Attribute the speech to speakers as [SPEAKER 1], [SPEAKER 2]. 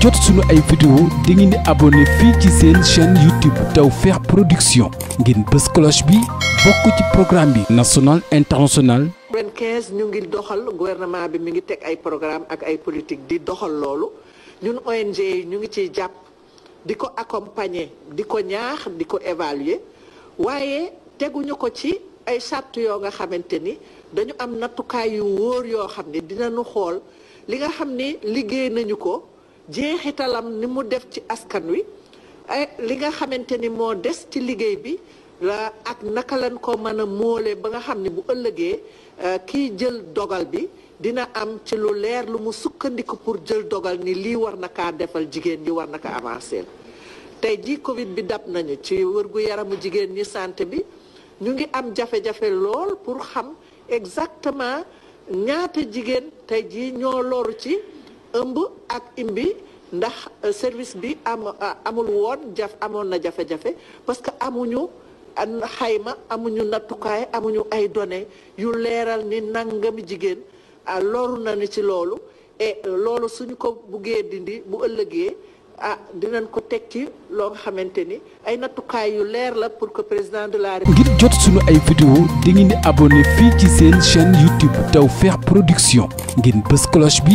[SPEAKER 1] jot suñu ay vidéo da ngeen di abonné fii ci seen chaîne YouTube feex Production ngeen bës cloche bi bokk ci programme bi national international
[SPEAKER 2] 95 ñu ngi doxal gouvernement bi mi ngi teg ay programme ak ay politique di doxal loolu ñun ONG ñu ngi ci jàpp di ko accompagner di ko ñaax di ko évaluer waaye teguñu ko ci ay sàtt yoo nga xamante ni dañu am nattukaay yu wóor yoo xam ne dinañu xool li nga xam ne liggéey nañu ko jeexitalam ni mu def ci askan wi eh, li nga xamante ni moo des ci liggéey bi la ak naka lañ ko mën a moole ba nga xam ni bu ëllëgee eh, kiy jël dogal bi dina am ci lu leer lu mu sukkandiku pour jël dogal ni lii war na kaa defal jigéen ñi war na ko avancer tey jii Covid bi dab nañu ci wërgu yaramu jigéen ñi santé bi ñu ngi am jafe-jafe lool pour xam exactement ñaata jigéen tey jii ñoo loru ci. ëmb ak imbi ndax euh, service bi am euh, amul woon jaf amoon na jafe-jafe parce que amuñu xayma amuñu nattukaay amuñu ay données yu leeral ni nangami jigéen euh, loru na ni ci loolu loolu suñu ko buggee dindi bu ëllëgee ah dinañ ko teg ci loo
[SPEAKER 1] xamante ni ay nattukaay yu leer la pour que président de la République. ngir jot sunu ay vidéo di ngeen di abonné fii ci seen chaîne YouTube Tawfekh Production ngeen bës cloche bi.